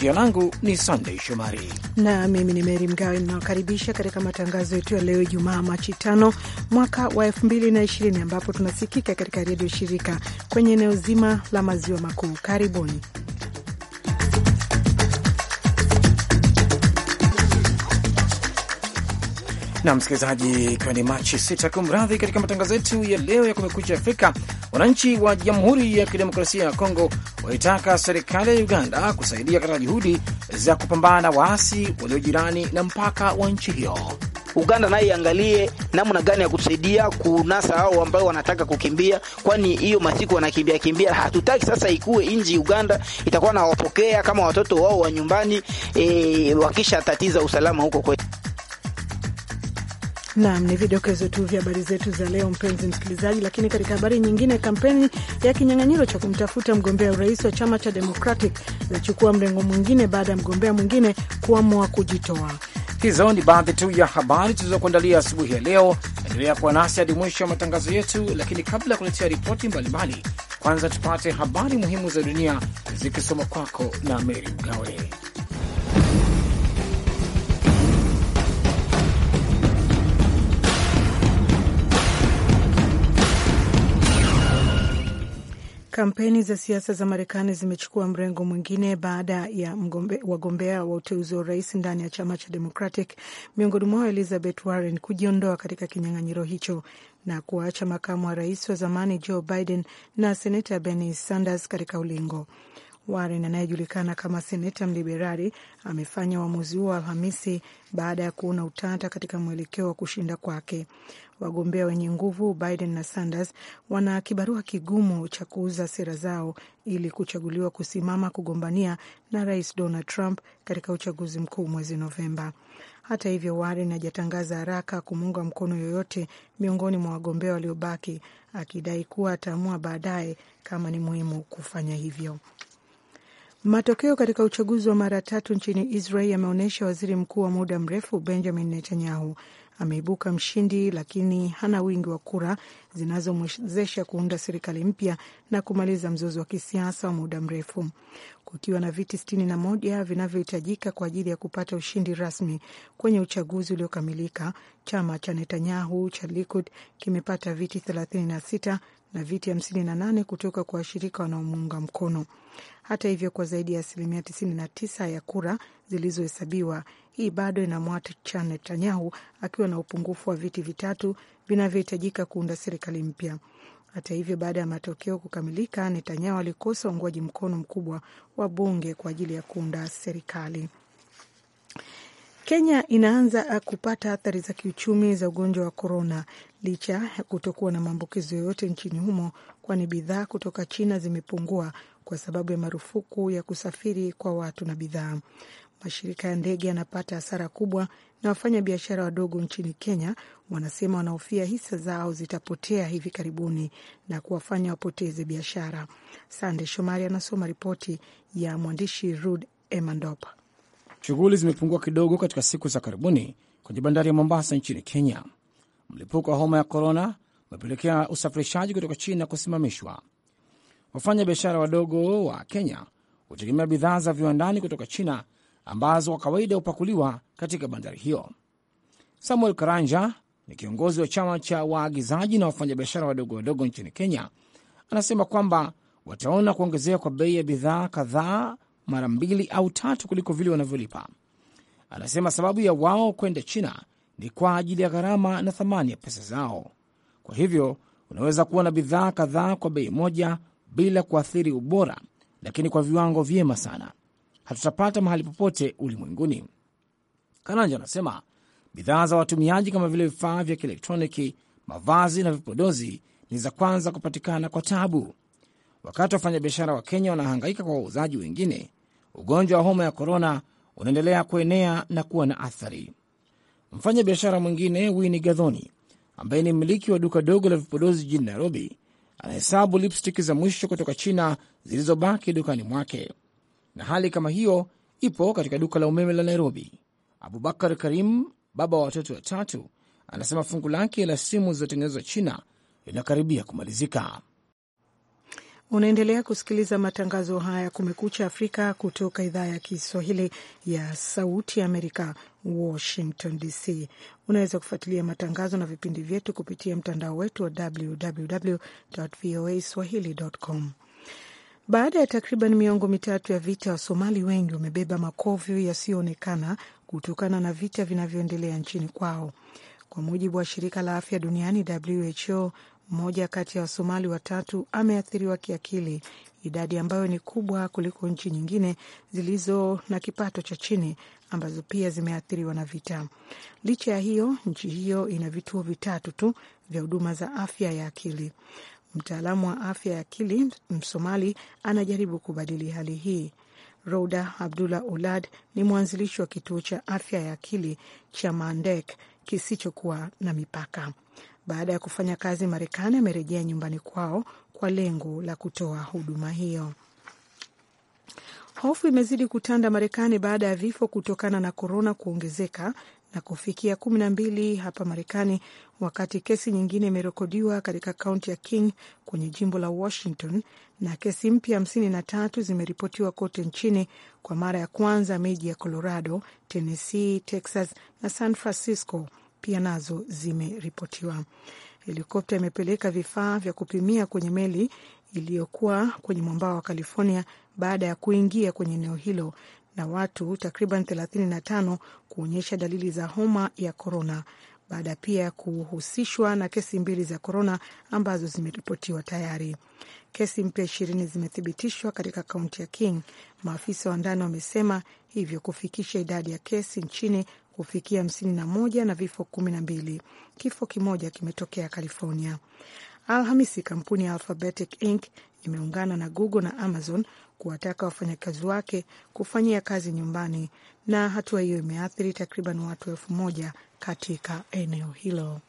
Jina langu ni Sandey Shomari na mimi ni Meri Mgawe. Ninawakaribisha katika matangazo yetu ya leo Ijumaa Machi tano mwaka wa ishirini ambapo tunasikika katika redio shirika kwenye eneo zima la maziwa makuu. Karibuni. na msikilizaji, ikiwa ni Machi sita, kumradhi, katika matangazo yetu ya leo ya Kumekucha Afrika, wananchi wa Jamhuri ya Kidemokrasia ya Kongo waitaka serikali ya Uganda kusaidia katika juhudi za kupambana na waasi walio jirani na mpaka wa nchi hiyo. Uganda naye iangalie namna gani ya kutusaidia kunasa hao ambao wanataka kukimbia, kwani hiyo masiku wanakimbia kimbia. Hatutaki sasa ikuwe nji Uganda itakuwa nawapokea kama watoto wao wa nyumbani, e, eh, wakisha tatiza usalama huko kwetu. Nam ni vidokezo tu vya habari zetu za leo, mpenzi msikilizaji. Lakini katika habari nyingine, kampeni ya kinyang'anyiro cha kumtafuta mgombea urais wa chama cha Democratic inachukua mrengo mwingine baada ya mgombea mwingine kuamua kujitoa. Hizo ni baadhi tu ya habari tulizokuandalia asubuhi ya leo. Endelea kuwa nasi hadi mwisho wa matangazo yetu, lakini kabla ya kuletea ripoti mbalimbali, kwanza tupate habari muhimu za dunia zikisoma kwako na Meri Mgawe. Kampeni za siasa za Marekani zimechukua mrengo mwingine baada ya mgombe, wagombea wa uteuzi wa urais ndani ya chama cha Democratic, miongoni mwao Elizabeth Warren kujiondoa katika kinyang'anyiro hicho na kuwaacha makamu wa rais wa zamani Joe Biden na senata Bernie Sanders katika ulingo. Warren anayejulikana kama seneta mliberali amefanya uamuzi huo Alhamisi baada ya kuona utata katika mwelekeo wa kushinda kwake wagombea wenye nguvu Biden na Sanders wana kibarua kigumu cha kuuza sera zao ili kuchaguliwa kusimama kugombania na Rais Donald Trump katika uchaguzi mkuu mwezi Novemba. Hata hivyo, Warren hajatangaza haraka kumuunga mkono yoyote miongoni mwa wagombea waliobaki, akidai kuwa ataamua baadaye kama ni muhimu kufanya hivyo. Matokeo katika uchaguzi wa mara tatu nchini Israel yameonyesha waziri mkuu wa muda mrefu Benjamin Netanyahu ameibuka mshindi, lakini hana wingi wa kura zinazomwezesha kuunda serikali mpya na kumaliza mzozo wa kisiasa wa muda mrefu. Kukiwa na viti sitini na moja vinavyohitajika kwa ajili ya kupata ushindi rasmi kwenye uchaguzi uliokamilika, chama cha Netanyahu cha Likud kimepata viti 36 na viti hamsini na nane kutoka kwa washirika wanaomuunga mkono. Hata hivyo, kwa zaidi ya asilimia tisini na tisa ya kura zilizohesabiwa, hii bado inamwacha Netanyahu akiwa na upungufu wa viti vitatu vinavyohitajika kuunda serikali mpya. Hata hivyo, baada ya matokeo kukamilika, Netanyahu alikosa uungwaji mkono mkubwa wa bunge kwa ajili ya kuunda serikali. Kenya inaanza kupata athari za kiuchumi za ugonjwa wa korona licha ya kutokuwa na maambukizo yoyote nchini humo, kwani bidhaa kutoka China zimepungua kwa sababu ya marufuku ya kusafiri kwa watu na bidhaa mashirika ya ndege yanapata hasara kubwa na wafanya biashara wadogo nchini Kenya wanasema wanahofia hisa zao zitapotea hivi karibuni na kuwafanya wapoteze biashara. Sande Shomari anasoma ripoti ya mwandishi Rud Emandop. Shughuli zimepungua kidogo katika siku za karibuni kwenye bandari ya Mombasa nchini Kenya. Mlipuko wa homa ya korona umepelekea usafirishaji kutoka China kusimamishwa. Wafanya biashara wadogo wa Kenya hutegemea bidhaa za viwandani kutoka China ambazo kwa kawaida hupakuliwa katika bandari hiyo. Samuel Karanja ni kiongozi wa chama cha waagizaji na wafanyabiashara wadogo wadogo nchini Kenya. Anasema kwamba wataona kuongezea kwa bei ya bidhaa kadhaa mara mbili au tatu kuliko vile wanavyolipa. Anasema sababu ya wao kwenda China ni kwa ajili ya gharama na thamani ya pesa zao. Kwa hivyo unaweza kuwa na bidhaa kadhaa kwa bei moja bila kuathiri ubora, lakini kwa viwango vyema sana hatutapata mahali popote ulimwenguni. Karanja anasema bidhaa za watumiaji kama vile vifaa vya kielektroniki, mavazi na vipodozi ni za kwanza kupatikana kwa tabu. Wakati wafanyabiashara wa Kenya wanahangaika kwa wauzaji wengine, ugonjwa wa homa ya korona unaendelea kuenea na kuwa na athari. Mfanya biashara mwingine Wini Gadhoni, ambaye ni mmiliki wa duka dogo la vipodozi jijini Nairobi, anahesabu lipstiki za mwisho kutoka China zilizobaki dukani mwake na hali kama hiyo ipo katika duka la umeme la Nairobi. Abubakar Karim, baba wa watoto watatu, anasema fungu lake la simu zilizotengenezwa China linakaribia kumalizika. Unaendelea kusikiliza matangazo haya Kumekucha Afrika kutoka idhaa ya Kiswahili ya Sauti ya Amerika, Washington DC. Unaweza kufuatilia matangazo na vipindi vyetu kupitia mtandao wetu wa www voa swahili com baada ya takriban miongo mitatu ya vita, Wasomali wengi wamebeba makovu yasiyoonekana kutokana na vita vinavyoendelea nchini kwao. Kwa mujibu wa shirika la afya duniani WHO, mmoja kati ya Wasomali watatu ameathiriwa kiakili, idadi ambayo ni kubwa kuliko nchi nyingine zilizo na kipato cha chini ambazo pia zimeathiriwa na vita. Licha ya hiyo, nchi hiyo ina vituo vitatu tu vya huduma za afya ya akili. Mtaalamu wa afya ya akili Msomali anajaribu kubadili hali hii. Rouda Abdullah Ulad ni mwanzilishi wa kituo cha afya ya akili cha Mandek kisichokuwa na mipaka. Baada ya kufanya kazi Marekani, amerejea nyumbani kwao kwa lengo la kutoa huduma hiyo. Hofu imezidi kutanda Marekani baada ya vifo kutokana na korona kuongezeka na kufikia kumi na mbili hapa Marekani, wakati kesi nyingine imerekodiwa katika kaunti ya King kwenye jimbo la Washington, na kesi mpya hamsini na tatu zimeripotiwa kote nchini kwa mara ya kwanza. Miji ya Colorado, Tennessee, Texas na San Francisco pia nazo zimeripotiwa. Helikopta imepeleka vifaa vya kupimia kwenye meli iliyokuwa kwenye mwambao wa California baada ya kuingia kwenye eneo hilo na watu takriban 35 kuonyesha dalili za homa ya korona baada pia ya kuhusishwa na kesi mbili za korona ambazo zimeripotiwa tayari. Kesi mpya ishirini zimethibitishwa katika kaunti ya King, maafisa wa ndani wamesema hivyo kufikisha idadi ya kesi nchini kufikia hamsini na moja na vifo kumi na mbili. Kifo kimoja kimetokea California. Alhamisi, kampuni ya Alphabetic Inc imeungana na Google na Amazon kuwataka wafanyakazi wake kufanyia kazi nyumbani, na hatua hiyo imeathiri takriban watu elfu moja katika eneo hilo.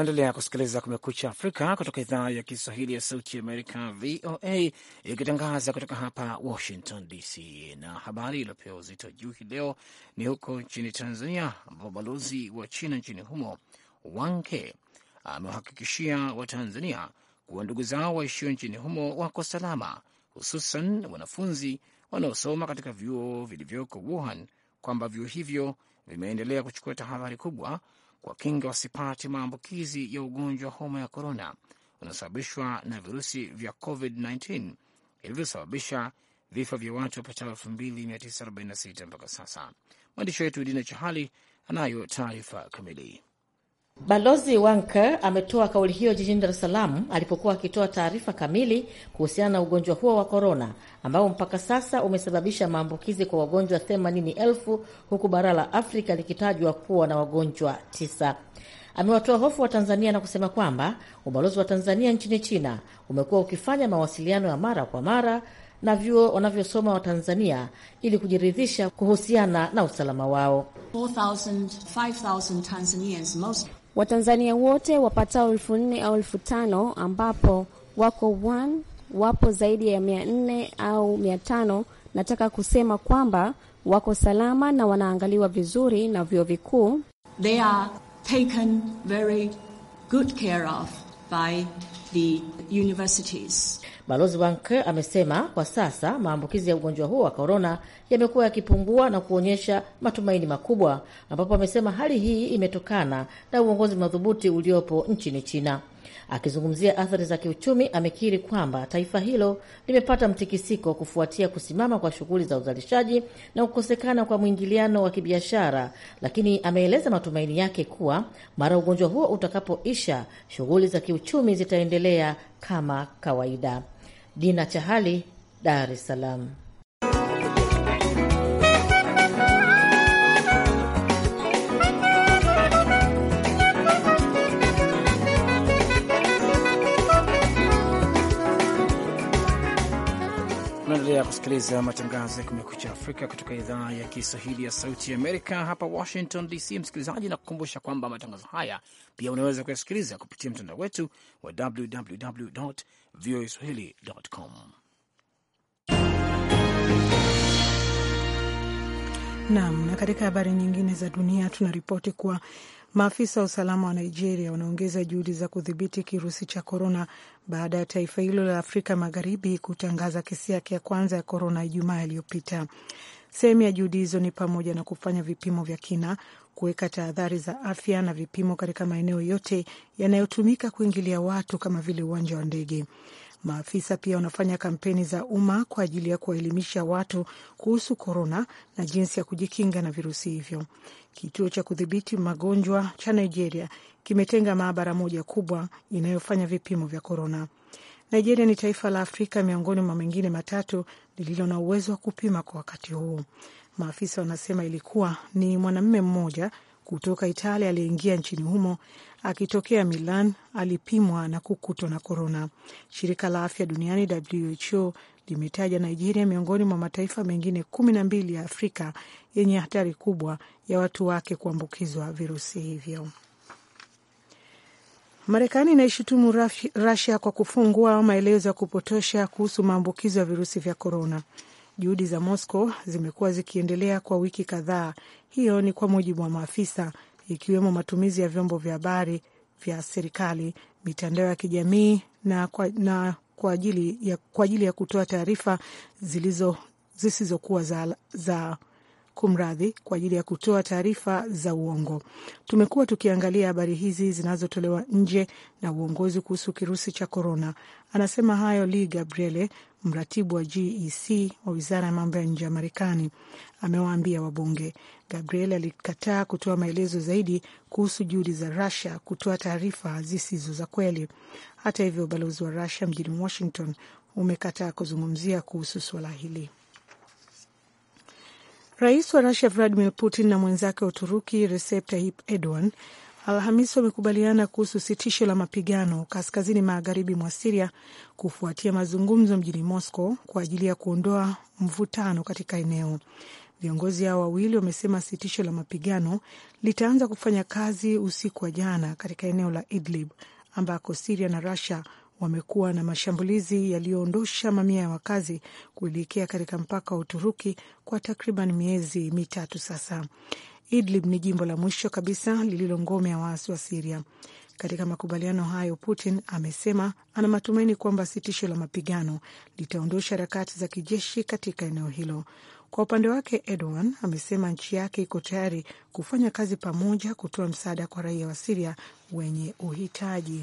Naendelea kusikiliza Kumekucha Afrika kutoka idhaa ya Kiswahili ya Sauti Amerika, VOA, ikitangaza kutoka hapa Washington DC. Na habari iliyopewa uzito juu hii leo ni huko nchini Tanzania, ambapo balozi wa China nchini humo Wanke amewahakikishia Watanzania kuwa ndugu zao waishio nchini humo wako salama, hususan wanafunzi wanaosoma katika vyuo vilivyoko Wuhan, kwamba vyuo hivyo vimeendelea kuchukua tahadhari kubwa kwa kinga wasipate maambukizi ya ugonjwa wa homa ya korona unaosababishwa na virusi vya COVID-19 vilivyosababisha vifo vya watu wapatao 2946 mpaka sasa. Mwandishi wetu Dina Chahali anayo taarifa kamili. Balozi Wanker ametoa kauli hiyo jijini Dar es Salaam alipokuwa akitoa taarifa kamili kuhusiana na ugonjwa huo wa korona ambao mpaka sasa umesababisha maambukizi kwa wagonjwa themanini elfu huku bara la Afrika likitajwa kuwa na wagonjwa tisa. Amewatoa hofu wa Tanzania na kusema kwamba ubalozi wa Tanzania nchini China umekuwa ukifanya mawasiliano ya mara kwa mara na vyuo wanavyosoma Watanzania ili kujiridhisha kuhusiana na usalama wao. most Watanzania wote wapatao elfu nne au elfu tano ambapo wako one, wapo zaidi ya mia nne au mia tano nataka kusema kwamba wako salama na wanaangaliwa vizuri na vyuo vikuu. They are taken very good care of by the universities. Balozi Wank amesema kwa sasa maambukizi ya ugonjwa huo wa korona yamekuwa yakipungua na kuonyesha matumaini makubwa, ambapo amesema hali hii imetokana na uongozi madhubuti uliopo nchini China. Akizungumzia athari za kiuchumi, amekiri kwamba taifa hilo limepata mtikisiko kufuatia kusimama kwa shughuli za uzalishaji na kukosekana kwa mwingiliano wa kibiashara, lakini ameeleza matumaini yake kuwa mara ugonjwa huo utakapoisha, shughuli za kiuchumi zitaendelea kama kawaida. Dina Chahali, Dar es Salaam. Tunaendelea kusikiliza matangazo ya Kumekucha Afrika kutoka idhaa ya Kiswahili ya Sauti ya Amerika hapa Washington DC. Msikilizaji, na kukumbusha kwamba matangazo haya pia unaweza kuyasikiliza kupitia mtandao wetu wa www voa swahili com. Naam, na katika habari nyingine za dunia tunaripoti kuwa Maafisa wa usalama wa Nigeria wanaongeza juhudi za kudhibiti kirusi cha korona baada ya taifa hilo la Afrika Magharibi kutangaza kesi yake ya kwanza ya korona Ijumaa iliyopita. Sehemu ya juhudi hizo ni pamoja na kufanya vipimo vya kina, kuweka tahadhari za afya na vipimo katika maeneo yote yanayotumika kuingilia watu kama vile uwanja wa ndege. Maafisa pia wanafanya kampeni za umma kwa ajili ya kuwaelimisha watu kuhusu korona na jinsi ya kujikinga na virusi hivyo. Kituo cha kudhibiti magonjwa cha Nigeria kimetenga maabara moja kubwa inayofanya vipimo vya korona. Nigeria ni taifa la Afrika miongoni mwa mengine matatu lililo na uwezo wa kupima kwa wakati huu. Maafisa wanasema ilikuwa ni mwanamume mmoja kutoka Italia aliyeingia nchini humo akitokea Milan alipimwa na kukutwa na korona. Shirika la afya duniani WHO limetaja Nigeria miongoni mwa mataifa mengine kumi na mbili ya Afrika yenye hatari kubwa ya watu wake kuambukizwa virusi hivyo. Marekani inaishutumu Rasia kwa kufungua maelezo ya kupotosha kuhusu maambukizo ya virusi vya korona. Juhudi za Moscow zimekuwa zikiendelea kwa wiki kadhaa, hiyo ni kwa mujibu wa maafisa ikiwemo matumizi ya vyombo vya habari vya serikali, mitandao ya kijamii na kwa, na kwa ajili ya, kwa ajili ya kutoa taarifa zilizo zisizokuwa za, za kumradhi, kwa ajili ya kutoa taarifa za uongo. Tumekuwa tukiangalia habari hizi zinazotolewa nje na uongozi kuhusu kirusi cha korona. Anasema hayo Lee Gabriele, mratibu wa GEC wa wizara ya mambo ya nje ya Marekani. Amewaambia wabunge Gabriel alikataa kutoa maelezo zaidi kuhusu juhudi za Rusia kutoa taarifa zisizo za kweli. Hata hivyo, ubalozi wa Rusia mjini Washington umekataa kuzungumzia kuhusu suala hili. Rais wa Rusia Vladimir Putin na mwenzake wa Uturuki Recep Tayyip Erdogan Alhamisi wamekubaliana kuhusu sitisho la mapigano kaskazini magharibi mwa Siria kufuatia mazungumzo mjini Moscow kwa ajili ya kuondoa mvutano katika eneo. Viongozi hao wawili wamesema sitisho la mapigano litaanza kufanya kazi usiku wa jana katika eneo la Idlib ambako Siria na Rusia wamekuwa na mashambulizi yaliyoondosha mamia ya wakazi kuelekea katika mpaka wa Uturuki kwa takriban miezi mitatu sasa. Idlib ni jimbo la mwisho kabisa lililo ngome ya waasi wa Siria. Katika makubaliano hayo, Putin amesema ana matumaini kwamba sitisho la mapigano litaondosha harakati za kijeshi katika eneo hilo. Kwa upande wake, Erdogan amesema nchi yake iko tayari kufanya kazi pamoja kutoa msaada kwa raia wa Siria wenye uhitaji.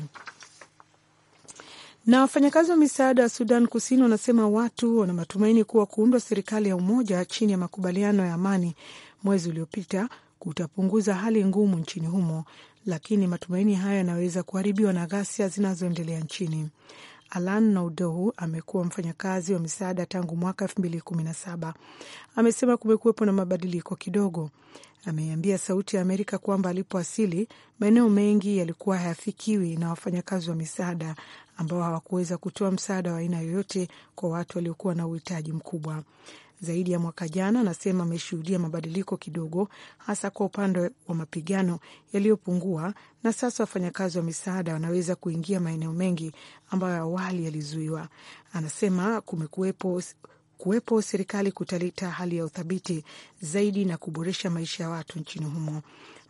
Na wafanyakazi wa misaada wa Sudan Kusini wanasema watu wana matumaini kuwa kuundwa serikali ya umoja chini ya makubaliano ya amani mwezi uliopita kutapunguza hali ngumu nchini humo, lakini matumaini hayo yanaweza kuharibiwa na ghasia zinazoendelea nchini. Alan Naudohu amekuwa mfanyakazi wa misaada tangu mwaka saba. Amesema kumekuwepo na mabadiliko kidogo. Ameiambia Sauti ya Amerika kwamba asili maeneo mengi yalikuwa hayafikiwi na wafanyakazi wa misaada ambao hawakuweza kutoa msaada wa aina yoyote kwa watu waliokuwa na uhitaji mkubwa zaidi ya mwaka jana, anasema ameshuhudia mabadiliko kidogo, hasa kwa upande wa mapigano yaliyopungua, na sasa wafanyakazi wa misaada wanaweza kuingia maeneo mengi ambayo awali yalizuiwa. Anasema kumekuwepo kuwepo serikali kutaleta hali ya uthabiti zaidi na kuboresha maisha ya watu nchini humo.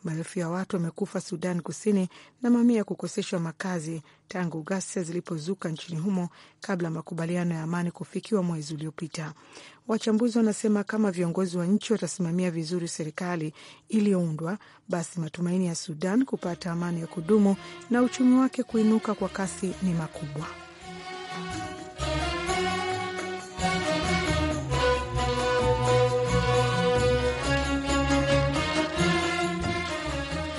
Maelfu ya watu wamekufa Sudan Kusini na mamia kukoseshwa makazi tangu ghasia zilipozuka nchini humo kabla makubaliano ya amani kufikiwa mwezi uliopita. Wachambuzi wanasema kama viongozi wa nchi watasimamia vizuri serikali iliyoundwa, basi matumaini ya Sudan kupata amani ya kudumu na uchumi wake kuinuka kwa kasi ni makubwa.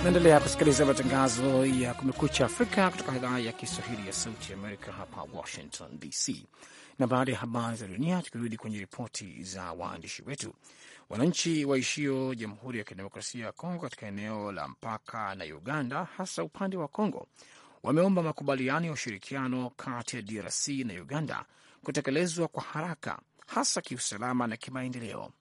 Naendelea kusikiliza matangazo ya Kumekucha Afrika kutoka idhaa ya Kiswahili ya Sauti Amerika hapa Washington DC. Na baada ya habari za dunia, tukirudi kwenye ripoti za waandishi wetu, wananchi waishio Jamhuri ya Kidemokrasia ya Kongo katika eneo la mpaka na Uganda, hasa upande wa Kongo, wameomba makubaliano ya ushirikiano kati ya DRC na Uganda kutekelezwa kwa haraka, hasa kiusalama na kimaendeleo,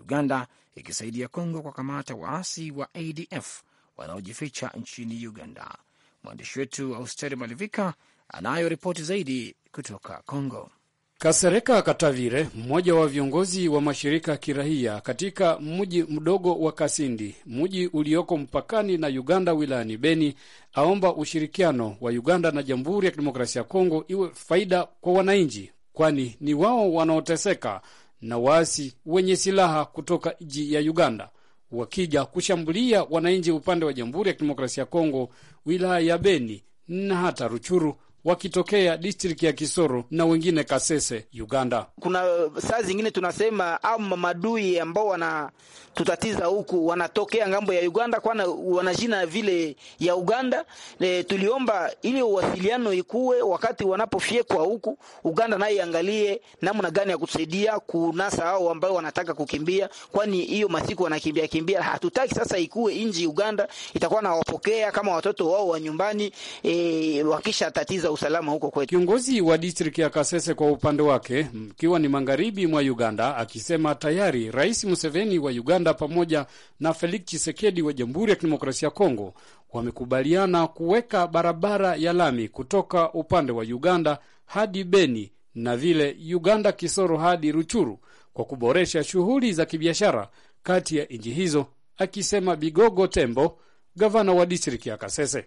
Uganda ikisaidia Kongo kwa kamata waasi wa ADF wanaojificha nchini Uganda. Mwandishi wetu Austeri Malivika anayo ripoti zaidi kutoka Congo. Kasereka Katavire, mmoja wa viongozi wa mashirika ya kiraia katika mji mdogo wa Kasindi, mji ulioko mpakani na Uganda wilayani Beni, aomba ushirikiano wa Uganda na Jamhuri ya Kidemokrasia ya Kongo iwe faida kwa wananchi, kwani ni wao wanaoteseka na waasi wenye silaha kutoka nchi ya Uganda wakija kushambulia wananchi upande wa Jamhuri ya Kidemokrasia ya Kongo, wilaya ya Beni na hata Ruchuru wakitokea distriki ya Kisoro na wengine Kasese, Uganda. Kuna uh, saa zingine tunasema au mamadui ambao wanatutatiza huku wanatokea ngambo ya Uganda, kwana wana jina vile ya Uganda. E, tuliomba ili uwasiliano ikuwe wakati wanapofyekwa huku Uganda, naye iangalie namna gani ya kutusaidia kunasa hao ambao wanataka kukimbia, kwani hiyo masiku wanakimbia kimbia. Hatutaki sasa ikuwe nji Uganda itakuwa nawapokea kama watoto wao wa nyumbani, e, eh, wakisha tatiza usalama huko kwetu. Kiongozi wa district ya Kasese kwa upande wake, mkiwa ni magharibi mwa Uganda, akisema tayari Rais Museveni wa Uganda pamoja na Felix Tshisekedi wa Jamhuri ya Kidemokrasia ya Kongo wamekubaliana kuweka barabara ya lami kutoka upande wa Uganda hadi Beni na vile Uganda Kisoro hadi Ruchuru kwa kuboresha shughuli za kibiashara kati ya nchi hizo, akisema Bigogo Tembo gavana wa distrikti ya Kasese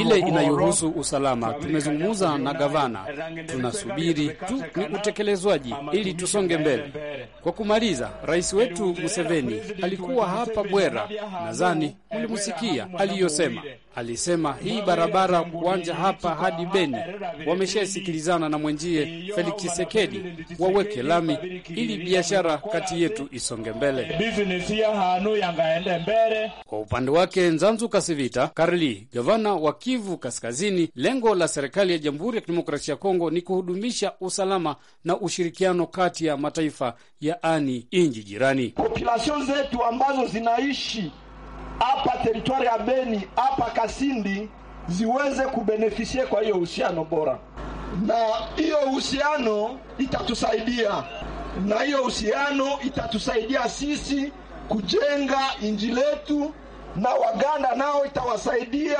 ile inayohusu usalama. Tumezungumza na gavana, tunasubiri tu ni utekelezwaji ili tusonge mbele. Kwa kumaliza, rais wetu Museveni alikuwa hapa Bwera, nadhani mlimsikia aliyosema. Alisema hii barabara kuanja hapa hadi Beni wameshasikilizana na mwenjie Felix Tshisekedi waweke lami ili biashara kati yetu isonge mbele. Kwa upande upande wake Nzanzu Kasivita Karli, gavana wa Kivu Kaskazini, lengo la serikali ya Jamhuri ya Kidemokrasia ya Kongo ni kuhudumisha usalama na ushirikiano kati ya mataifa yaani inji jirani. Populasion zetu ambazo zinaishi hapa teritwari ya Beni hapa Kasindi ziweze kubenefisie kwa hiyo uhusiano bora, na hiyo uhusiano itatusaidia na hiyo uhusiano itatusaidia sisi kujenga inji letu na Waganda nao itawasaidia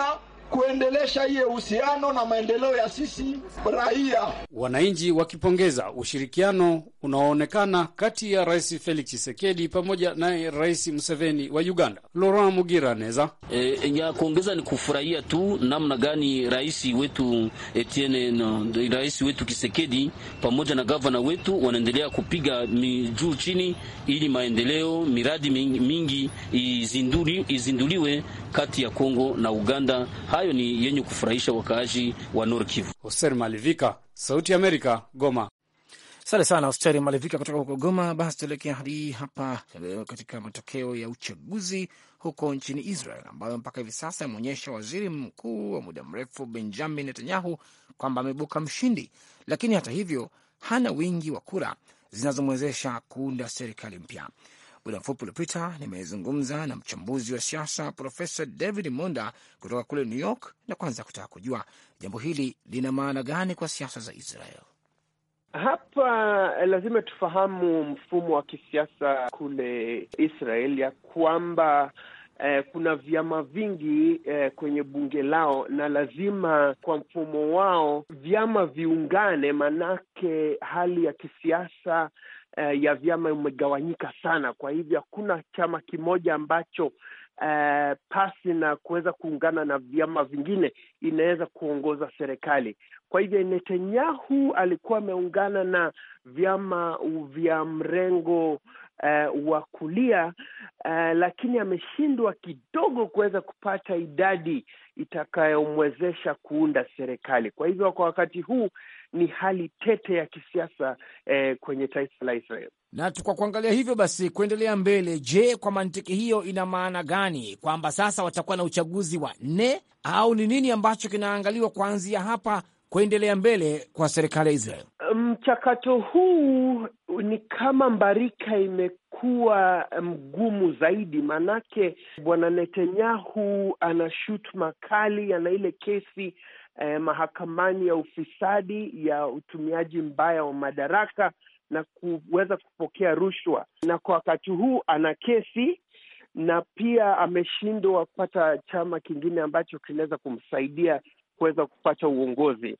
kuendelesha hiye uhusiano na maendeleo ya sisi raia. Wananchi wakipongeza ushirikiano unaoonekana kati ya Rais Felix Tshisekedi pamoja na Rais Museveni wa Uganda. Laurent Mugira neza e, ya kuongeza ni kufurahia tu namna gani rais wetu Etienne, na rais wetu Kisekedi pamoja na gavana wetu wanaendelea kupiga juu chini, ili maendeleo miradi mingi izinduli, izinduliwe kati ya Kongo na Uganda hayo ni yenye kufurahisha wakaaji wa Nord Kivu. Hoser Malivika, Sauti Amerika, Goma. Asante sana Hosteri Malivika kutoka huko Goma. Basi tuelekea hadi hapa eh, katika matokeo ya uchaguzi huko nchini Israel ambayo mpaka hivi sasa ameonyesha waziri mkuu wa muda mrefu Benjamin Netanyahu kwamba ameibuka mshindi, lakini hata hivyo hana wingi wa kura zinazomwezesha kuunda serikali mpya. Muda mfupi uliopita nimezungumza na mchambuzi wa siasa Profesa David Monda kutoka kule New York, na kwanza kutaka kujua jambo hili lina maana gani kwa siasa za Israel. Hapa eh, lazima tufahamu mfumo wa kisiasa kule Israel ya kwamba eh, kuna vyama vingi eh, kwenye bunge lao, na lazima kwa mfumo wao vyama viungane, manake hali ya kisiasa eh, ya vyama imegawanyika sana. Kwa hivyo hakuna chama kimoja ambacho eh, pasi na kuweza kuungana na vyama vingine inaweza kuongoza serikali. Kwa hivyo Netanyahu alikuwa ameungana na vyama vya mrengo Uh, wa kulia uh, lakini ameshindwa kidogo kuweza kupata idadi itakayomwezesha kuunda serikali. Kwa hivyo kwa wakati huu ni hali tete ya kisiasa eh, kwenye taifa la Israel. Na kwa kuangalia hivyo basi, kuendelea mbele, je, kwa mantiki hiyo ina maana gani kwamba sasa watakuwa na uchaguzi wa nne au ni nini ambacho kinaangaliwa kuanzia hapa kuendelea mbele kwa serikali ya Israel? Mchakato huu ni kama mbarika ime kuwa mgumu zaidi, maanake bwana Netanyahu ana shutuma kali, ana ile kesi eh, mahakamani ya ufisadi ya utumiaji mbaya wa madaraka na kuweza kupokea rushwa, na kwa wakati huu ana kesi na pia ameshindwa kupata chama kingine ambacho kinaweza kumsaidia kuweza kupata uongozi.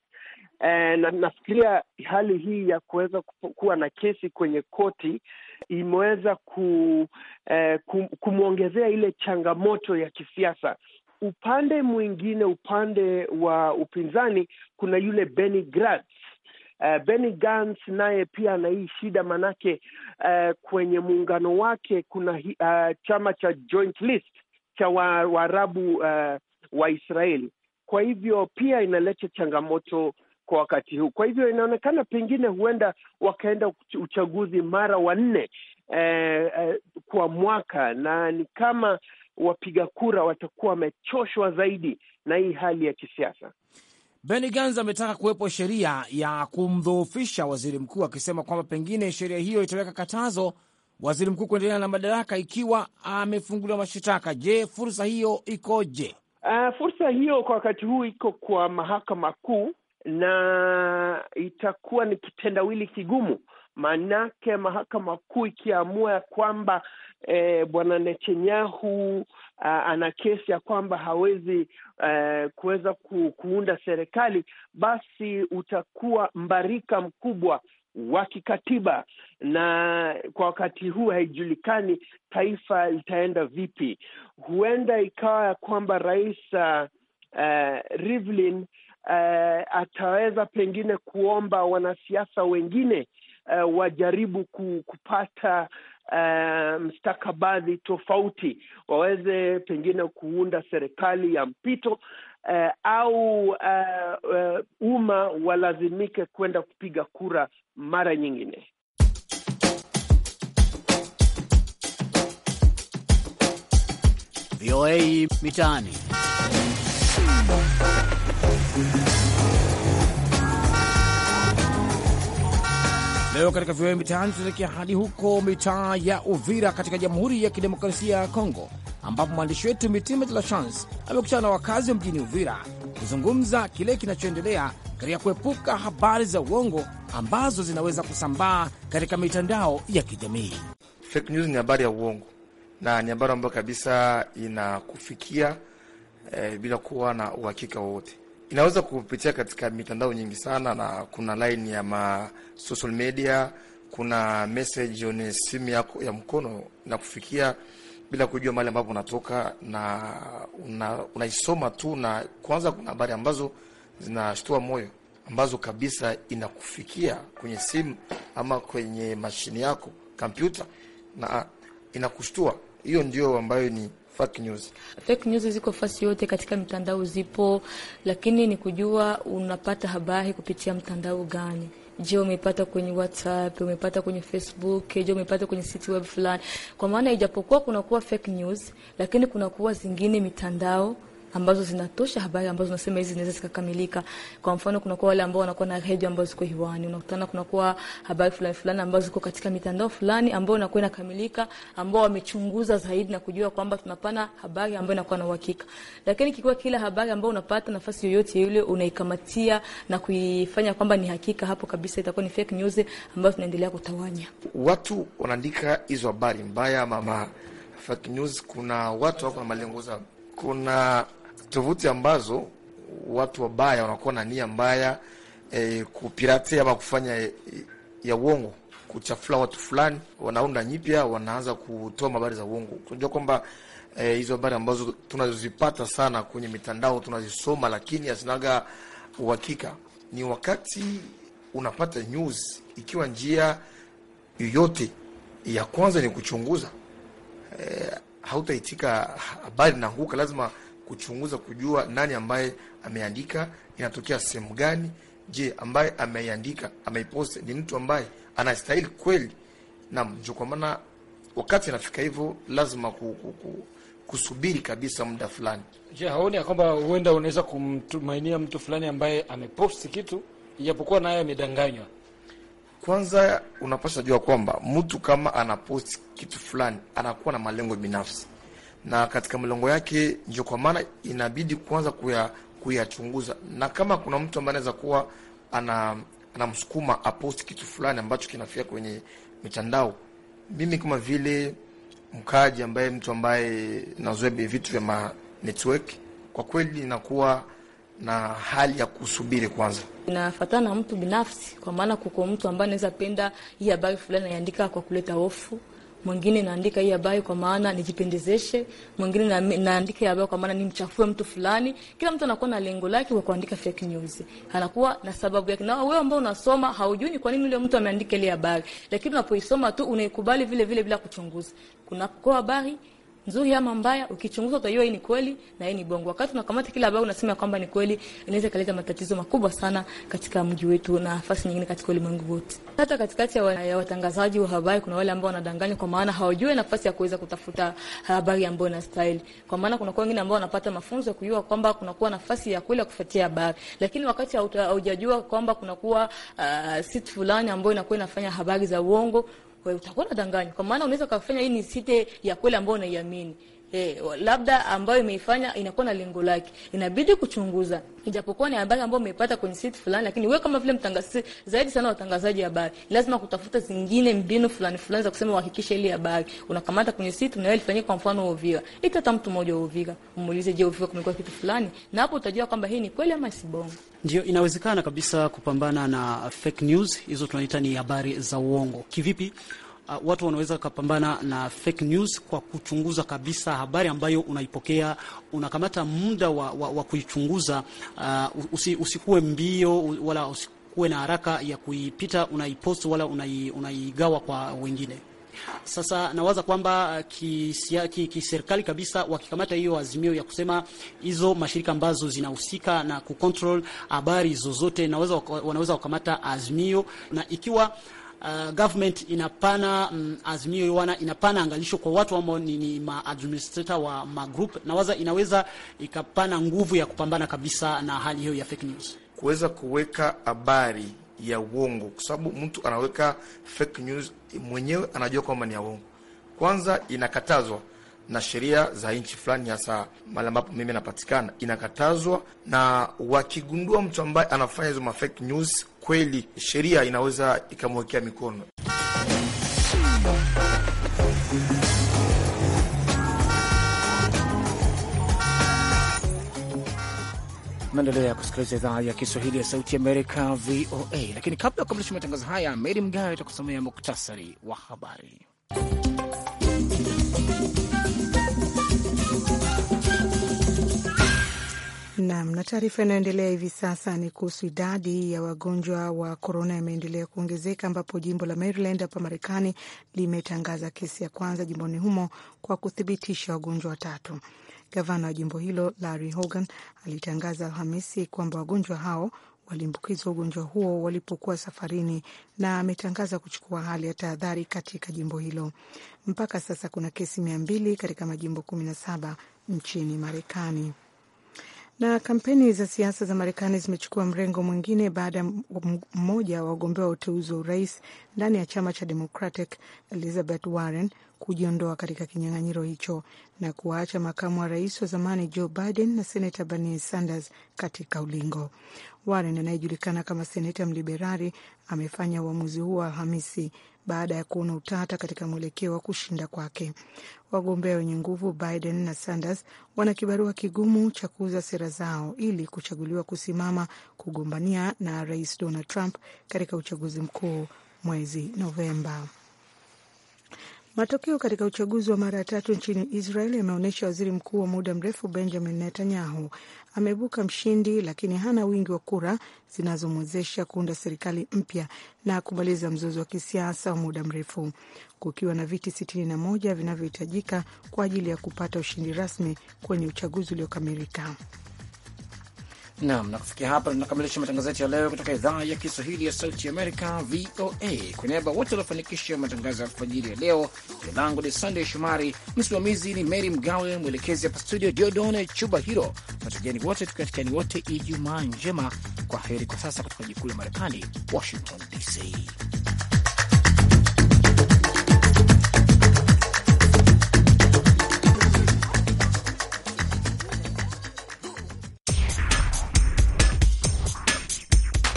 E, na nafikiria hali hii ya kuweza kuwa na kesi kwenye koti imeweza ku, eh, kum, kumwongezea ile changamoto ya kisiasa Upande mwingine, upande wa upinzani, kuna yule Benny Gantz. Uh, Benny Gantz naye pia ana hii shida manake, uh, kwenye muungano wake kuna uh, chama cha Joint List cha Waarabu wa uh, Waisraeli. Kwa hivyo pia inaleta changamoto kwa wakati huu. Kwa hivyo inaonekana pengine huenda wakaenda uchaguzi mara wanne eh, eh, kwa mwaka na ni kama wapiga kura watakuwa wamechoshwa zaidi na hii hali ya kisiasa. Beni Gans ametaka kuwepo sheria ya kumdhoofisha waziri mkuu, akisema kwamba pengine sheria hiyo itaweka katazo waziri mkuu kuendelea na madaraka ikiwa amefunguliwa mashitaka. Je, fursa hiyo ikoje? Uh, fursa hiyo kwa wakati huu iko kwa mahakama kuu na itakuwa ni kitendawili kigumu Maanake mahakama kuu ikiamua ya kwamba e, bwana Netanyahu ana kesi ya kwamba hawezi e, kuweza ku, kuunda serikali, basi utakuwa mbarika mkubwa wa kikatiba na kwa wakati huu haijulikani taifa litaenda vipi. Huenda ikawa ya kwamba rais uh, Rivlin uh, ataweza pengine kuomba wanasiasa wengine uh, wajaribu kupata uh, mstakabadhi tofauti, waweze pengine kuunda serikali ya mpito uh, au umma uh, uh, walazimike kwenda kupiga kura mara nyingine. VOA Mitaani. Leo katika viweo mitaani tunaelekea hadi huko mitaa ya Uvira katika Jamhuri ya Kidemokrasia ya Kongo, ambapo mwandishi wetu Mitima de la Chance amekutana na wakazi wa mjini Uvira kuzungumza kile kinachoendelea katika kuepuka habari za uongo ambazo zinaweza kusambaa katika mitandao ya kijamii. Fake news ni habari ya uongo na ni habari ambayo kabisa inakufikia eh, bila kuwa na uhakika wowote inaweza kupitia katika mitandao nyingi sana, na kuna line ya ma social media, kuna message on simu yako ya mkono na kufikia bila kujua mahali ambapo unatoka na unaisoma una tu, na kwanza kuna habari ambazo zinashtua moyo ambazo kabisa inakufikia kwenye simu ama kwenye mashini yako kompyuta, na inakushtua. Hiyo ndio ambayo ni Fake news. Fake news ziko fasi yote katika mitandao zipo, lakini ni kujua unapata habari kupitia mtandao gani. Je, umepata kwenye WhatsApp? Umepata kwenye Facebook? Je, umepata kwenye site web fulani? Kwa maana ijapokuwa kunakuwa fake news, lakini kunakuwa zingine mitandao ambazo zinatosha habari ambazo unasema hizi zinaweza zikakamilika. Kwa mfano, kunakuwa wale ambao wanakuwa na redio ambazo ziko hewani, unakutana kunakuwa habari fulani fulani ambazo ziko katika mitandao fulani ambao unakuwa inakamilika, ambao wamechunguza zaidi na kujua kwamba tunapana habari ambayo inakuwa na uhakika. Lakini kikiwa kila habari ambayo unapata nafasi yoyote ile unaikamatia na kuifanya kwamba ni hakika, hapo kabisa itakuwa ni fake news ambayo tunaendelea kutawanya. Watu wanaandika hizo habari mbaya, mama fake news. Kuna watu wako na malengo zao, kuna tovuti ambazo watu wabaya wanakuwa na nia mbaya e, kupirate ama kufanya e, ya uongo kuchafula watu fulani, wanaunda nyipya, wanaanza kutoa habari za uongo. Tunajua kwamba e, hizo e, habari ambazo tunazozipata sana kwenye mitandao tunazisoma, lakini hazinaga uhakika. Ni wakati unapata news, ikiwa njia yoyote ya kwanza ni kuchunguza e, hautaitika habari na lazima kuchunguza kujua nani ambaye ameandika, inatokea sehemu gani. Je, ambaye ameiandika ameipost ni mtu ambaye anastahili kweli? Naam, ndio kwa maana wakati inafika hivyo lazima ku, ku, ku, kusubiri kabisa muda fulani. Je, haoni ya kwamba huenda unaweza kumtumainia mtu fulani ambaye ameposti kitu ijapokuwa naye amedanganywa? Kwanza unapaswa jua kwamba mtu kama anaposti kitu fulani anakuwa na malengo binafsi na katika mlongo yake, ndio kwa maana inabidi kuanza kuya kuyachunguza, na kama kuna mtu ambaye anaweza kuwa ana anamsukuma aposti kitu fulani ambacho kinafika kwenye mitandao. Mimi kama vile mkaji ambaye mtu ambaye nazoea vitu vya ma network, kwa kweli inakuwa na hali ya kusubiri kwanza, inafatana na mtu binafsi, kwa maana kuko mtu ambaye anaweza penda hii habari fulani, anaandika kwa kuleta hofu mwingine naandika hii habari kwa maana nijipendezeshe, mwingine na, naandika hii habari kwa maana nimchafue mtu fulani. Kila mtu anakuwa na lengo lake kwa kuandika fake news, anakuwa na sababu yake, na wewe ambao unasoma haujui ni kwa nini yule mtu ameandika ile habari, lakini unapoisoma tu unaikubali vile vile bila kuchunguza. kwa habari nzuri ama mbaya, ukichunguza utajua hii ni kweli na hii ni bongo. Wakati unakamata kila habari unasema kwamba ni kweli, inaweza ikaleta matatizo makubwa sana katika mji wetu na nafasi nyingine katika ulimwengu wote. Hata katikati ya watangazaji wa habari kuna wale ambao wanadanganywa, kwa maana hawajui nafasi ya kuweza kutafuta habari ambayo stahili, Kwa maana kuna kwa wengine ambao wanapata mafunzo ya kujua kwamba kunakuwa nafasi ya kweli ya kufuatia habari, lakini wakati haujajua kwamba kunakuwa uh, ah, sit fulani ambayo inakuwa inafanya habari za uongo kwa hiyo utakuwa unadanganywa, kwa maana unaweza kufanya hii ni site ya kweli ambayo unaiamini eh, labda ambayo imeifanya inakuwa na lengo lake, inabidi kuchunguza, ijapokuwa ni habari ambayo umepata kwenye site fulani, lakini wewe kama vile mtangazaji zaidi sana watangazaji habari, lazima kutafuta zingine mbinu fulani fulani za kusema uhakikishe ile habari unakamata kwenye site, na wewe ifanyike. Kwa mfano Uvira, ita hata mtu mmoja wa Uvira umuulize, je, Uvira kumekuwa kitu fulani, na hapo utajua kwamba hii ni kweli ama si bongo. Ndio inawezekana kabisa kupambana na fake news hizo, tunaita ni habari za uongo. Kivipi? uh, watu wanaweza wakapambana na fake news kwa kuchunguza kabisa habari ambayo unaipokea, unakamata muda wa, wa, wa kuichunguza. Uh, usi, usikuwe mbio wala usikuwe na haraka ya kuipita unaipost wala unai, unaigawa kwa wengine. Sasa nawaza kwamba kiserikali kabisa wakikamata hiyo azimio ya kusema hizo mashirika ambazo zinahusika na kucontrol habari zozote, wanaweza wakamata azimio na ikiwa uh, government inapana mm, azimio wana inapana angalisho kwa watu ambao ni, ni ma administrator wa ma group na waza inaweza ikapana nguvu ya kupambana kabisa na hali hiyo ya fake news, kuweza kuweka habari ya uongo, kwa sababu mtu anaweka fake news mwenyewe anajua kwamba ni ya uongo. Kwanza inakatazwa na sheria za nchi fulani, hasa mahali ambapo mimi napatikana inakatazwa, na wakigundua mtu ambaye anafanya hizo ma news, kweli sheria inaweza ikamwekea mikono. Naendelea kusikiliza idhaa ya Kiswahili ya Sauti Amerika, VOA. Lakini kabla ya kukamilisha matangazo haya, Meri Mgawe atakusomea muktasari wa habari. Nam, na taarifa inayoendelea hivi sasa ni kuhusu idadi ya wagonjwa wa korona imeendelea kuongezeka, ambapo jimbo la Maryland hapa Marekani limetangaza kesi ya kwanza jimboni humo kwa kuthibitisha wagonjwa watatu. Gavana wa jimbo hilo Larry Hogan alitangaza Alhamisi kwamba wagonjwa hao waliambukizwa ugonjwa huo walipokuwa safarini na ametangaza kuchukua hali ya tahadhari katika jimbo hilo. Mpaka sasa kuna kesi mia mbili katika majimbo kumi na saba nchini Marekani. Na kampeni za siasa za Marekani zimechukua mrengo mwingine baada ya mmoja wa wagombea wa uteuzi wa urais ndani ya chama cha Democratic Elizabeth Warren kujiondoa katika kinyang'anyiro hicho na kuwaacha makamu wa rais wa zamani Joe Biden na senata Bernie Sanders katika ulingo. Warren anayejulikana kama senata mliberari amefanya uamuzi huo Alhamisi baada ya kuona utata katika mwelekeo wa kushinda kwake. Wagombea wenye nguvu Biden na Sanders wana kibarua kigumu cha kuuza sera zao ili kuchaguliwa kusimama kugombania na Rais Donald Trump katika uchaguzi mkuu mwezi Novemba. Matokeo katika uchaguzi wa mara ya tatu nchini Israel yameonyesha waziri mkuu wa muda mrefu Benjamin Netanyahu ameibuka mshindi, lakini hana wingi wa kura zinazomwezesha kuunda serikali mpya na kumaliza mzozo wa kisiasa wa muda mrefu, kukiwa na viti 61 vinavyohitajika kwa ajili ya kupata ushindi rasmi kwenye uchaguzi uliokamilika. Naam, na kufikia hapa tunakamilisha matangazo yetu ya leo kutoka idhaa ya Kiswahili ya Sauti Amerika, VOA. Kwa niaba wote waliofanikisha matangazo ya alfajiri ya leo, jina langu ni Sandey Shomari, msimamizi ni Mary Mgawe, mwelekezi hapa studio Diodone Chuba Hiro. Watakieni wote tukiatikani wote, Ijumaa njema. Kwa heri kwa sasa, kutoka jikuu la Marekani, Washington DC.